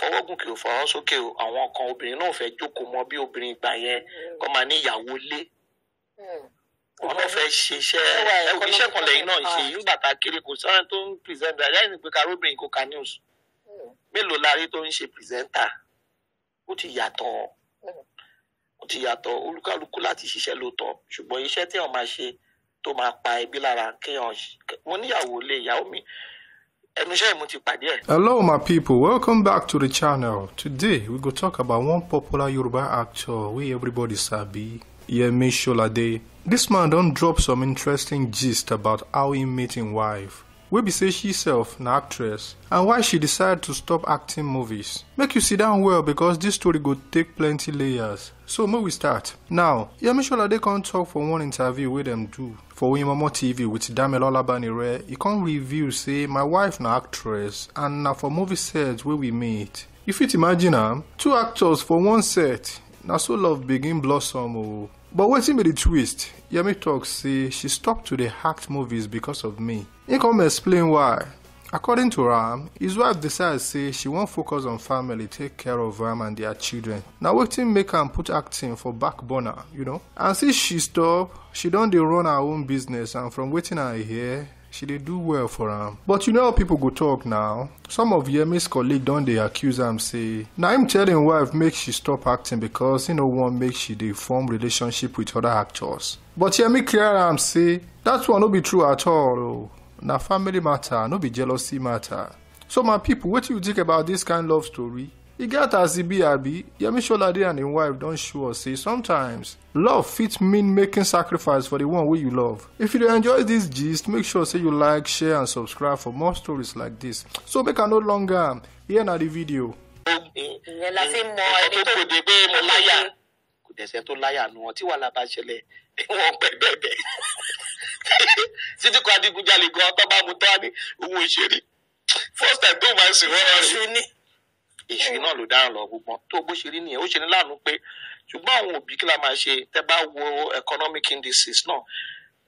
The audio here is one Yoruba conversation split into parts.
fọwọ́ gùn kì ó fọwọ́ sókè o àwọn kan obìnrin náà fẹ́ jókòó mọ́ bí obìnrin ìgbà yẹn kọ́ hmm. máa ní ìyàwó lé hmm. wọn náà fẹ́ ṣiṣẹ́ iṣẹ́ kan lẹ́yìn náà ṣe yín bàtà kiri kò sọ́run tó ń pìrìsẹ́ńtà lẹ́yìn pé karobìnrin kò ka news hmm. mélòó la rí tó ń ṣe pìrìsẹ́ńtà ó ti yàtọ̀ ó ti yàtọ̀ olúkálukú láti ṣiṣẹ́ lóòótọ́ ṣùgbọ́n iṣẹ́ tí wọ́n máa ṣe tó máa pa ẹbí lára kéèyàn mo níyàwó lé ìyàwó mi Hello, my people. Welcome back to the channel. Today, we go talk about one popular Yoruba actor we everybody sabi, Yemi Sholade. This man don't drop some interesting gist about how he met his wife. wey be say she self an actress and why she decided to stop acting movies make you sit down well because this story go take plenty layers so may we start now yemishọla they can't talk for one interview with them do for oyinmomo tv wit damelo labanire e can't reveal say my wife na actress and na for movie set where we meet you fit imagine am two actors for one set na so love begin blossom oh. but wetin be the twist yemi tok say she stopped to the hacked movies because of me He come explain why According to Ram, his wife decides say she won't focus on family take care of Ram and their children. Now, waiting make am put acting for back burner, you know? And since she stop, she don't dey run her own business and from waiting I hear, she dey do well for am. But you know how people go talk now? Some of Yemi's colleagues don dey accuse am say now I'm telling wife make she stop acting because he no one make she dey form relationship with other actors. But Yemi clear Ram say that one no be true at all o. Oh na family matter no be jealousy matter so my pipo wetin you think about this kind love story e get as e be abi yemi sholade and im wife don show us say sometimes love fit mean making sacrifice for the one wey you love if you dey enjoy this gist make sure say you like share and subscribe for more stories like this. so make i no longer am here na the video. ìyẹn la fi mọ ẹni tó dé pé mo láyà kò dẹ̀sẹ̀ tó láyà nu wọn tí wàhálà bá ṣẹlẹ̀ wọn pẹ̀ bẹ́ẹ̀ bẹ́ẹ̀ títí kan adigunjalè gan ọtọ́ bá mu tán ní owó ìṣeré first time tó máa ń sìn wọ́n rẹ̀. èṣù ni. èṣù náà ló dáràn lọ gbogbo tó bó ṣe rí nìyẹn ó ṣe ní láàánú pé ṣùgbọ́n àwọn òbí kí la máa ṣe tẹ́ bá wo economic indices náà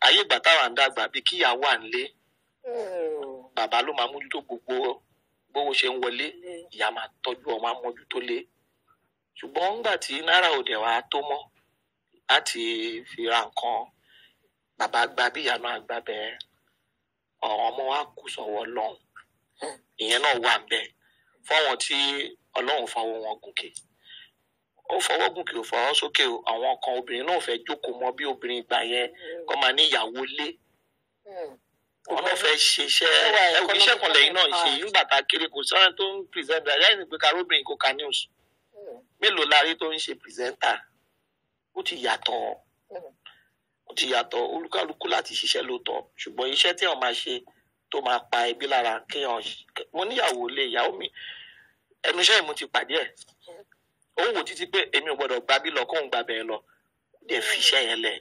ayé ìgbà táwọn àǹdàgbà bíi kíyà wà nílé bàbá ló máa mójútó gbogbo bówó ṣe ń wọlé ìyá máa tọ́jú ọmọ amójútó lé ṣùgbọ́n ńgbà tí náírà òde wa tó mọ́ láti fi ra nǹkan bàbá gba bí ìyá náà gba bẹ́ẹ̀ ọ̀rọ̀ ọmọ wa kù sọ̀wọ́ ọlọ́run ìyẹn náà wà bẹ́ẹ̀ fọ́wọ́n tí ọlọ́run fọwọ́ wọn gòkè ó fọwọ́ gòkè ó fọwọ́ sókè o àwọn kan obìnrin náà fẹ́ jókòó mọ́ bí obìnrin ìgbà yẹn kọ́ máa ní ìyàwó lé wọn náà fẹ́ ṣiṣẹ́ ẹ̀kọ́ iṣẹ́ kan lẹ́yìn náà ṣe yín bàtà kiri kò sọ́run tó ń pìrìsẹ́ńtà lẹ́yìn pé káró obìnrin kò ka news hmm. mélòó la rí tó ń ṣe pìrìsẹ́ńtà ó ti yàtọ̀ hmm ti yàtọ̀ olúkálukú láti ṣiṣẹ́ lóòótọ́ ṣùgbọ́n iṣẹ́ tí wọ́n máa ṣe tó máa pa ẹbí lára kéèyàn mo níyàwó lé ìyàwó mi ẹnu iṣẹ́ ìmú ti pàdé ẹ̀ ó wò títí pé èmi ò gbọ́dọ̀ gbà bí lọ kóun gbà bẹ́ẹ̀ lọ dẹ̀ fi iṣẹ́ yẹn lẹ̀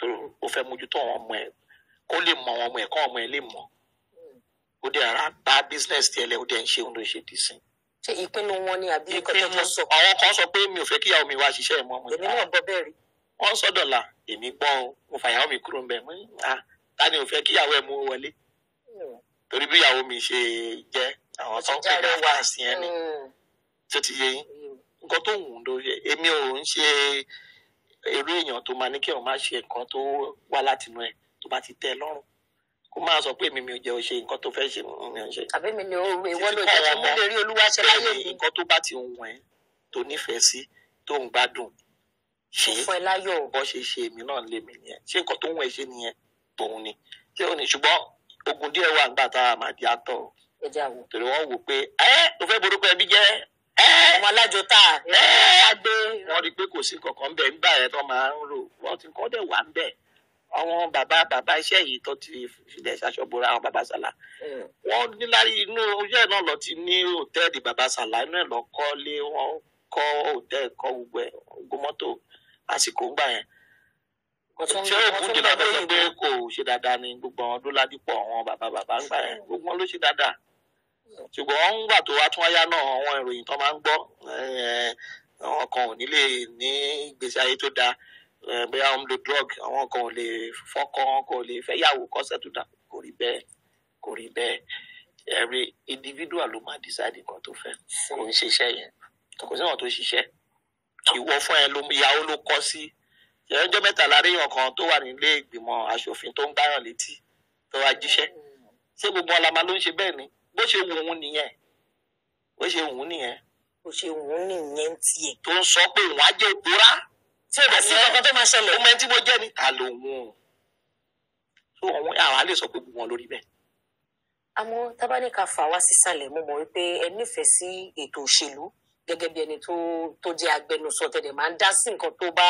tó o fẹ́ mójútó àwọn ọmọ ẹ̀ kó lè mọ àwọn ọmọ ẹ̀ kọ́ ọmọ ẹ̀ lè mọ̀ ó dẹ̀ ara bá business tiẹ̀ lẹ̀ ó dẹ̀ ń ṣe òun ló ṣe dì sí. ṣe ìpinnu wọn ni àbí ìkọ́jọ́ tó sọ. àwọn kan sọ pé mi ò fẹ́ kíyàwó mi wá ṣiṣẹ́ ìmọ̀ ọmọ ìyá. èmi náà gbọ́ bẹ́ẹ̀ rí wọ́n sọ́dọ̀là èmi gbọ́ ọ mo fàyàwó mi kúrò ńbẹ̀ mo ní à ta ni ò fẹ́ kíyàwó ẹ̀ mú wọlé torí bí ìyàwó mi ṣe jẹ́ àwọn tó ń pè ní wáàsí yẹn ni tó ti yẹ yín nǹkan tó wù ú ló yẹ èmi ò ń ṣe eré èèyàn tó máa ní kí òun má ṣe nǹkan tó wá látinú ẹ̀ tó bá ti tẹ́ ẹ kó máa sọ pé mi mi ò jẹ́ o ṣe nǹkan tó fẹ́ ṣe mi ò ṣe. àbí mi ni oru ìwọ ló jẹ́ kí lè rí olúwa ṣe láyé mi. nǹkan tó bá ti wù ẹ́ tó nífẹ̀ẹ́ sí tó ń gbádùn ṣe fún ẹ láyọ̀ bọ́ ṣe ṣe èmi náà lè mí nìyẹn ṣé nǹkan tó ń wẹ̀ ṣe nìyẹn tòun ni ṣé òun ni ṣùgbọ́n ogun díẹ̀ wà nígbà tá a máa di àtọ̀ torí wọ́n wò pé ẹ́ o fẹ́ borúkọ ẹbí jẹ́ ẹ́ ọmọ alájọ tá ẹ́ á gbé. wọ́n rí i pé kò sí kankan bẹ́ẹ̀ nígbà yẹn tó máa ń rò wọ́n ti kọ́ dẹ̀ wà ń bẹ̀ àwọn bàbá bàbá iṣẹ́ yìí tó ti filẹ̀ ṣàṣọ́bùra àwọn bàbá sàlà wọ́n nílárí inú iṣẹ́ náà lọ ti ní hòtẹ́ẹ̀lì bàbá sàlà inú ẹ̀ lọ kọ́ lé wọ́n kọ́ hòtẹ́ẹ̀lì gbogbo ẹ̀ gbogbo mọ́tò àsìkò ńgbà yẹn ṣé òkú dìbò abẹ́sẹ̀ pé kò ṣe dáadáa ni gbogbo àwọn Dọládìpọ̀ àwọn bàbá bàbá ńgbà yẹn gbogbo wọn ló ṣe dáadáa ṣùgbọ́n ńgbà tó wá tún wáyá náà àwọn ìròyìn tó máa ń gbọ́ àwọn kan ò ní lè ní ìgbésí ayé tó dáa bóyá wọn lo drug àwọn kan ò lè fọ́kọ wọn kò lè fẹ́ yàwó kọ́sẹ̀ tó dáa kò rí bẹ́ẹ̀ kò rí bẹ́ẹ̀ every individual ló máa decide nǹkan tó fẹ́ kò ń ṣiṣẹ́ yẹn kò sí àwọn tó ṣiṣẹ́ ìwọ fún ẹ ló ìyàwó ló kọ sí ìyẹnjọ mẹ́ta láríyàn kan tó wà nílé ìgbìmọ̀ asòfin tó ń gbáyàn létí tó wá jíṣẹ́ ṣé gbogbo ọlọmọ ló ń ṣe bẹ́ẹ̀ ni bó ṣe wù ú nìyẹn bó ṣe wù ú nìyẹn. bó ṣe wù ú nìyẹn tiẹ̀. tó ń sọ pé òun á jẹ́ òpórá. tí o bá sí kankan tó máa ṣẹlẹ̀. ọmọ ẹni tí mo jẹ́ ni ta ló wù ú. tó òun àwọn á lè sọ pé gbogbo wọn lórí bẹ́ẹ̀. àmọ́ tábánikà fà wá sísàlẹ̀ mo mọ̀ wípé ẹ nífẹ̀ẹ́ sí ètò òṣèlú gẹ́gẹ́ bí ẹni tó tó jẹ́ agbẹnusọ tẹ̀lé máa ń dá sí nǹkan tó bá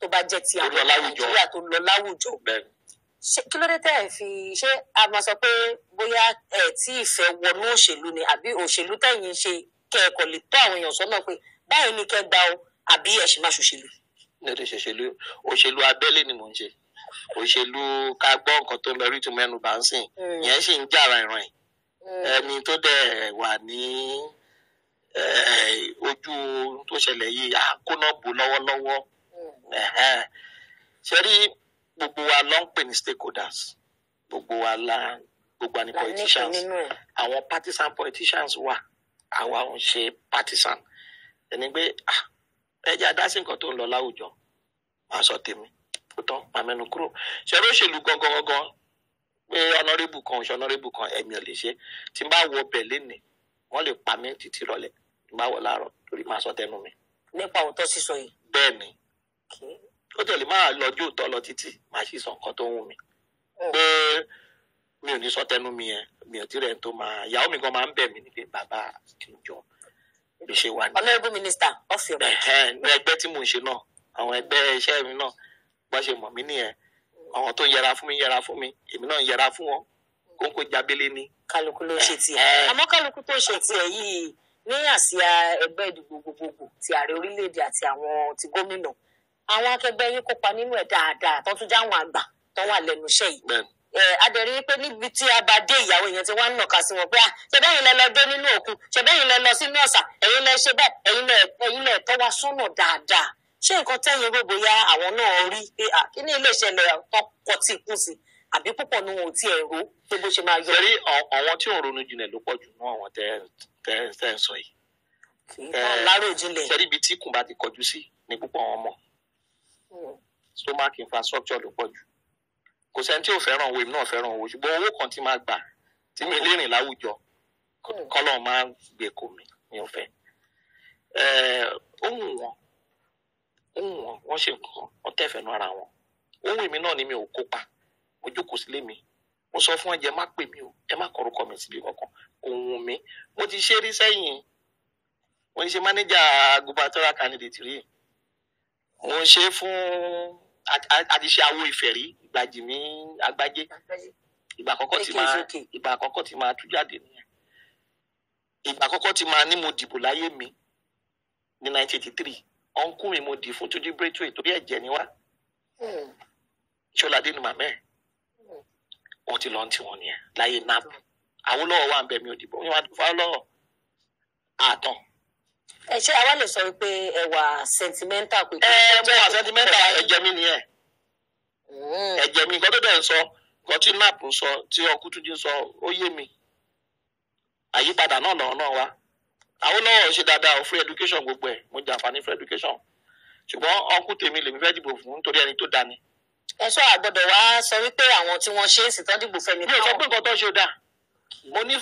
tó bá jẹ́ ti àwọn nàìjíríà tó lọ láwùjọ kí ló dé tẹ́ ẹ̀ fi ṣé a máa sọ pé bóyá ẹ̀ tí ìfẹ́ wọnú òṣèlú ni àbí òṣèlú tẹ̀yìn ṣe kẹ́ ẹ̀kọ́ lè tó àwọn èèyàn sọ́nà pé báyìí ni kẹ́ gba o àbí ẹ̀ ṣì máa ṣòṣèlú. ní ṣòṣèlú òṣèlú abẹ́lé ni mò ń ṣe òṣèlú ká gbọ́ nǹkan tó lọ rí tu mẹ́nu bá ń sìn mm. ìyẹn sì ń jà ràn ràn mm. ẹni tó dẹ̀ wà ní. Eh, ojú ohun tó ṣẹlẹ̀ yìí á kóná bò lọ́wọ́lọ́wọ́ ṣe rí gbogbo wa ló ń pè ní stakeholders gbogbo wa la gbogbo wa ni politicians àwọn partisan politicians wà àwa ń ṣe partisan ẹni pé ah, ẹ jẹ́ adásí nǹkan tó ń lọ láwùjọ máa sọ tèmi kó tán máa mẹ́nu kúrò ṣe ló ṣèlú gangan gangan pé ọ̀nàrẹ́bù kan ṣe ọ̀nàrẹ́bù kan ẹ̀mí ò lè ṣe tí n bá wọ bẹ̀ lénìí wọ́n lè pa mí títí rọlẹ̀ máa wọ̀ láàárọ̀ torí máa sọ tẹnu mi. nípa òótọ́ sísọ yìí. bẹ́ẹ̀ ni ó tẹ̀lé máa lọ́jọ́ òótọ́ lọ títí máa sì sọ nǹkan tó ń wù mí. pé mi ò ní sọ tẹnu mi yẹn mi ò tí rẹ̀ tó máa ìyàwó mi gan máa ń bẹ̀ mí ni pé bàbá ìjọ ló ṣe wà ní. honourable minister off your right. ní ẹgbẹ́ tí mò ń ṣe náà àwọn ẹgbẹ́ iṣẹ́ mi náà bá ṣe mọ̀ mí nìyẹn àwọn tó yẹra fún mi yẹra fún mi èmi náà yẹra fún wọn kóńkó jábélé ni. kálukú ló ṣe tiẹ̀ àmọ́ kálukú tó ṣe tiẹ̀ yìí ní àsíá ẹgbẹ́ ìdìbò gbogbogbò ti ààrẹ orílẹ̀-èdè àti àwọn ti gómìnà àwọn akẹgbẹ́ yín kópa nínú ẹ̀ dáadáa tó tún jáwọn àgbà tó wà lẹ́nu iṣẹ́ yìí adẹ̀rí pé níbi tí a bá dé ìyàwó yẹn ti wá ń nàka sí wọn pé ṣẹbẹ́ yìí lẹ lọ dé nínú òkun ṣẹbẹ́ yìí lẹ lọ sínú ọ̀sà ẹ̀yin lẹ ṣe bẹ́ẹ̀ ẹ̀yin lẹ ẹ̀yin lẹ tọ́ wa sọ́nà dáadáa ṣé nǹkan tẹ́yìn gbogbo ya àwọn náà rí pé kí ni ilé ìṣẹ̀lẹ̀ tó kọtí sí àbí púpọ̀ nu wọn ò tiẹ̀ ro pé bó ṣe máa yọ. sẹ́rí àwọn tí òun ronú jinlẹ̀ ló pọ̀ jù mọ́ àwọn tẹ́ ẹ sọ yìí. láró jinlẹ̀. sẹ́rí ibi tí kùn bá ti kọjú sí ni púpọ̀ wọn mọ̀. Hmm. stomach infrastructure ló pọ̀ jù. kò sẹ́ni tí ò fẹ́ràn owó èmi náà fẹ́ràn owó ṣùgbọ́n owó kan ti máa gbà tí mi lè rìn láwùjọ hmm. kọ́lọ̀ máa gbé kò mí ní ọ̀fẹ́. ohun wọn ohun wọn wọ́n ṣe nǹkan wọ́n tẹ̀fẹ̀ nú ara wọn ohun èmi náà ni mi ò kópa mo jókòó sílé mi mo sọ fún ẹjẹ má pè mí o ẹ má kọrúkọ mi síbi kankan òun mi mo ti ṣe rí sẹ́yìn mo ń ṣe mánéjà gubernatorial candidate rí mo ń ṣe fún àdìṣe awo ìfẹ́ rí ìgbàjì mi àgbájé ìgbà àkọ́kọ́ tí máa ìgbà àkọ́kọ́ tí máa tú jáde nìyẹn ìgbà àkọ́kọ́ tí máa ní mo dìbò láyé mi ní 1983 ọ̀nkú mi mo dì fún Túnjí Braithwaite torí ẹ̀jẹ̀ ni wá hmm. ṣọládé ni màmá wọ́n ti lọ ń tiwọn nìyẹn láyé nap Awólọ́wọ̀ wà ń bẹ mi ò dìbò mi wà Awólọ́wọ̀ àtàn. ẹ ṣé àwa lè sọ pé ẹ wà sentimental pé. ẹ ẹ mo wà sentimental ẹ̀jẹ̀ mi nìyẹn ẹ̀jẹ̀ mi nǹkan tó mm. bẹ̀ ń sọ nǹkan tí nap ń sọ tí Ọkútúndé ń sọ ó yé mi àyípadà náà lọ́wọ́ náà wá Awólọ́wọ̀ ṣe dáadáa free education gbogbo ẹ̀ mo jàǹfààní free education ṣùgbọ́n ọkùn tèmi lèmi fẹ́ dìbò fún nítorí ẹni tó dání ẹ ṣọ́ àgbọ̀dọ̀ wá sọ wípé àwọn tí wọ́n ṣe é sì tán dìbò fẹ́mi. mi ò sọ pé nǹkan tó ṣe dáa mo ní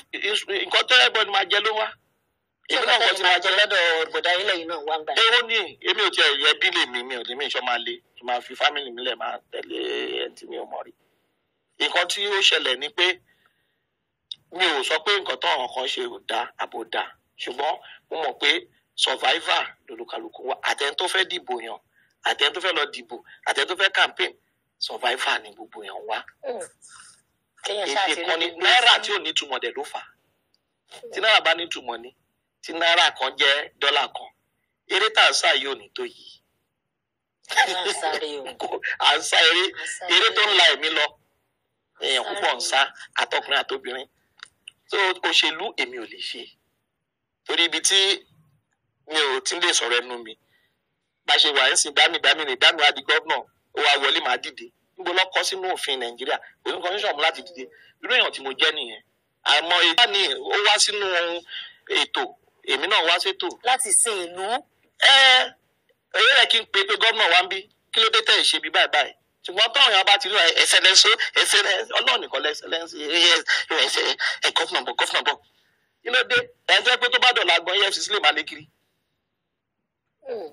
nǹkan tó ẹgbẹ́ ni màá jẹ ló wá. ṣé nǹkan tó ti máa jẹ lọ́dọ̀ bọ̀dá ilẹ̀ yìí náà wá ń gbà. èwo ni èmi ò tiẹ̀ yẹ bí lèmi mi ò ní mi ìṣọ́ máa le máa fi fámìlì mi lẹ̀ máa tẹ̀lé ẹni mi ò mọ̀ rí. nǹkan tí ó ṣẹlẹ̀ ni pé mi ò sọ pé nǹkan tó àwọn kan ṣe ò dá àbò dá ṣùgbọ́n mo mọ̀ pé survivor lolúkálùkù wa àtẹni tó fẹ́ dìbò yàn àtẹni tó fẹ́ lọ dìbò àtẹni tó fẹ́ campaign survivor ni gbogbo yẹn wá. Hmm. èdè kan ni náírà tí ò ní túmọ̀ dẹ̀ ló fà hmm. tí náírà bá ní túmọ̀ ni tí náírà kan jẹ́ dọ́là kan eré tá à ń sá yóò ní tó yìí. à ń sá eré eré tó ń la ẹ̀mí lọ èèyàn púpọ̀ ń sá àtọkùnrin àtobìnrin tó òṣèlú èmi ò lè ṣe torí ibi tí mi ò ti lè sọ̀rọ̀ ẹnu mi bá ṣe wà ń sin dámì dámì ní dámì wá di gọ́vnà ó wá wọlé màá dìde níbo lọ kọ sínú òfin nàìjíríà òfin constitution mú láti dìde irú èèyàn tí mo jẹ́ nìyẹn àmọ́ èyí ni ó wá sínú ètò èmi náà wá sétò. láti sin ìlú. ẹ èyí rẹ kí n pe pé gómìnà wa ń bí kí ló dé tẹ̀ ṣe bí báyìí báyìí ṣùgbọ́n táwọn èèyàn bá ti rí ẹsẹ̀lẹ́sọ ẹsẹ̀lẹ́sọ ọlọ́run nìkan lẹ́sẹ̀lẹ́sọ ẹ gọ́fìnà bọ̀ gọ́fìnà bọ̀ kí ló dé ẹ̀ tó bá dọ̀la gbọ́n efcc lè má lé kiri. Hmm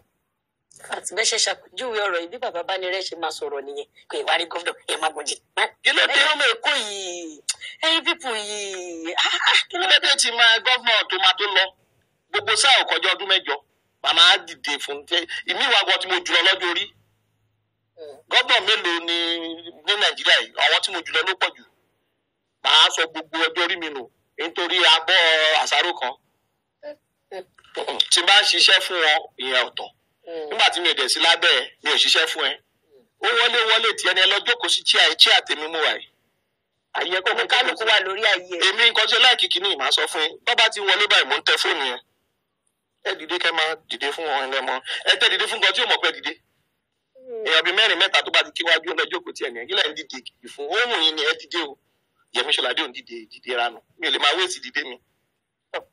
fact bẹ́ẹ̀ ṣe ṣàpèjúwe ọ̀rọ̀ yìí bí bàbá bá ní rẹ̀ ṣe máa sọ̀rọ̀ nìyẹn pé ìwà rí gómìnà ẹ̀ máa gbọ́njì. kílódé ọmọ èkó yìí ẹyin pípù yìí. kílódé ti máa gómìnà tó máa tó lọ gbogbo sáà ò kọjá ọdún mẹ́jọ màmá á dìde fún tẹ ìmí ìwà gan tí mo jùlọ lọ́jọ́ orí hmm. gómìnà mélòó ni ní nàìjíríà yìí àwọn tí mo jùlọ ló pọ̀ jù màá sọ gbogbo ọjọ́ orí mi nù nítorí abọ́ àṣàrò kan hmm. tí bá ṣiṣẹ́ fún wọn ìyẹn ọ̀tọ̀ Hmm. nígbà tí mi ò dẹ̀ sí lábẹ́ ẹ mi ò ṣiṣẹ́ fún ẹ ó wọlé wọlé tiẹ̀ ni ẹ lọ jókòó sí chair ẹ chair tèmi mú wa yìí. àyè kò mú kálukú wà lórí ayé. èmi nǹkan tí láìkì kìíní ìmọ̀ sọ fún yín bábá ti wọlé báyìí mò ń tẹ fóònù yẹn ẹ dìde kẹ máa dìde fún wọn ẹ mọ ẹ tẹ dìde fún nǹkan tí ò mọ̀ pé dìde. Hmm. èèyàn bíi mẹ́rin mẹ́ta tó bá ti kí wájú ọ̀nà ìjókòó tiẹ̀ nìyẹn kí lẹ́yìn dìde fún òun yìí ni ẹ dìde o yẹmi ṣọlá dé òun dìde dìde ranu mi ò lè máa wéèsì dìde mi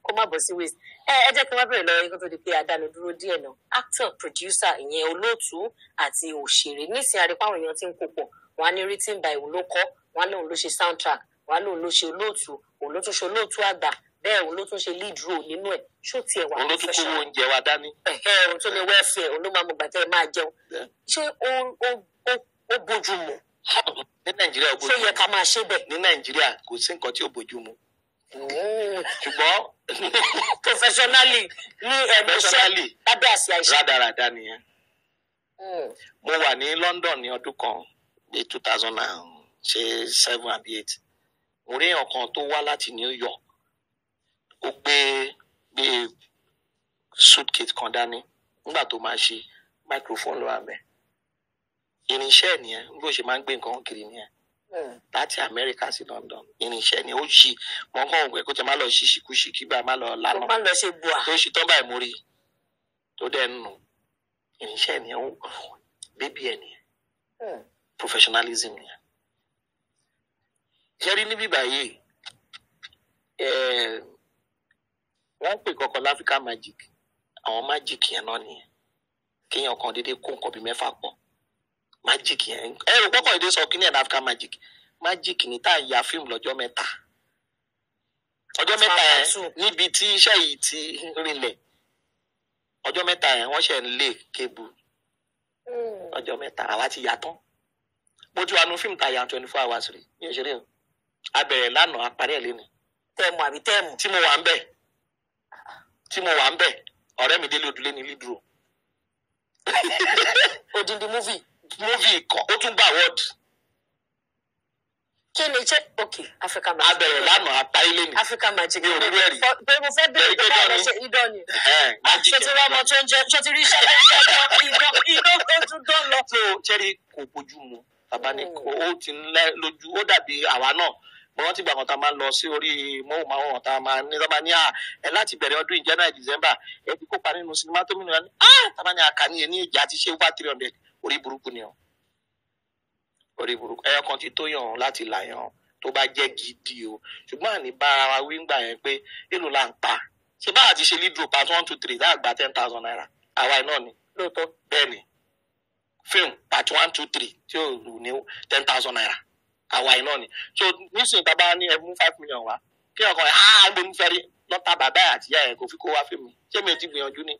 kó má bọ́ sí waste ẹ ẹ jẹ́ kí wọ́n bẹ̀rẹ̀ lọ́wọ́ yín tó di pé adáni dúró díẹ̀ náà actor producer ìyẹn olóòtú àti òṣèré nísìnyí àrípá àwọn èèyàn ti ń kopọ̀ wọn á ní written by òun ló kọ wọn á ní ló ṣe soundtrack wọn á ní òun ló ṣe olóòtú òun ló tún ṣe olóòtú àgbà bẹ́ẹ̀ òun ló tún ṣe lead role nínú ẹ̀ ṣó tiẹ̀ wà ní fẹ́ṣọ̀ òun ló tún kó oúnjẹ wa dání. òun tó ní wẹ́ẹ̀fẹ̀ òun ló máa mọ gbàtẹ́ máa jẹun ṣé ó bójú mu. ní nàìjíríà ó bójú mu ṣé yẹ ká máa Eh, ṣùgbọ́n. professionally ní ẹ̀mí iṣẹ́ lábẹ́ àṣà iṣẹ́. rádaràda nìyẹn. Hmm. mo wà ní London ní ọdún kan ní two thousand and ṣe seven àbí eight mo rí èèyàn tó wá láti New York ó gbé gbé suitcase kan dání nígbà tó máa ṣe microphone lọ́wọ́ abẹ irinṣẹ́ nìyẹn bó ṣe máa ń gbé nǹkan kiri nìyẹn láti amẹ́ríkà sí london irinṣẹ́ ni ó ṣí wọn kàn wẹ̀ kó tẹ má lọ ṣí ṣìkúṣì kí bá má lọ lánà má lọ ṣe bua tó ṣe tán báyìí mórí tó dẹ̀ ń nù irinṣẹ́ ni ó bébí ẹ̀ nìyẹn professionalism nìyẹn. ṣẹ́rí níbí báyìí wọ́n ń pè kọ́kọ́ láfíríkà magic àwọn magic yẹn náà nìyẹn kéèyàn kan déédéé kó nǹkan bíi mẹ́fà pọ̀ magic yẹn ẹ rò pọ́kàn èdè sọ kíní ẹ̀ ní magic magic ni tá à ń ya fíìmù lọ́jọ́ mẹ́ta ọjọ́ mẹ́ta yẹn níbi tí iṣẹ́ yìí ti rinlẹ̀ ọjọ́ mẹ́ta yẹn wọ́n ṣe ń lé kébù hmm. ọjọ́ mẹ́ta àwa ti yà tán mo ti wà nù fíìmù tá a yà twenty four hours rí ní òṣèré o a bẹ̀rẹ̀ lánàá a parí ẹ̀ lẹ́nu. tẹ́ẹ̀mù àbí tẹ́ẹ̀mù. tí mo wà ń bẹ̀ tí mo wà ń bẹ̀ ọ̀rẹ́ mi délé odulé ni lídùrò. odindi movie movie kan ó tún gba award. kí ni ṣe ok Africa Magic. abẹ̀rẹ̀ lánàá àtàyè lẹ́nu. Africa Magic ní òwúrọ̀ rí. pé mo fẹ́ bẹ̀rẹ̀ pé báwo ṣe idán ni. ṣé ti rí ọmọ tó ń jẹ ṣé ti rí iṣẹ́ tó ń jẹ idán idán tó tún dán lọ. so cherry kò bójú mu bàbá ni hmm. ó ti ń lẹ lójú ó dàbí àwa náà mo rántí gbàgbọ́n tá a máa ń lọ sí orí móhùnmáwòrán tá a máa ní sábà ní à ẹ láti bẹ̀rẹ̀ ọdún ìjẹ́ náà December ẹ ti kópa nínú sinimá tó mìíràn ah! ní à tábà ní àkàní ẹ ní ìjà àti ṣé wá three hundred orí burúkú ni o orí burúkú ẹyọ kan ti tó yàn án láti là yàn án tó bá jẹ́ gidi o ṣùgbọ́n àní bára wa wí ń gbà yẹn pé èlò là ń pa ṣé báwa ti ṣe lídùú part one two three láà gba ten thousand naira àwa iná ni lóòótọ́ bẹ́ẹ̀ ni film part one two three tí ò lù ní ten thousand naira àwa iná ni so nísìnyí bàbá ní ẹbùn five million wa kí ọkàn ẹ ah gbẹmú fẹrí lọta bàbá àtìyá ẹ kò fi kó wá fíìmù ṣé mi ti gbìyànjú ni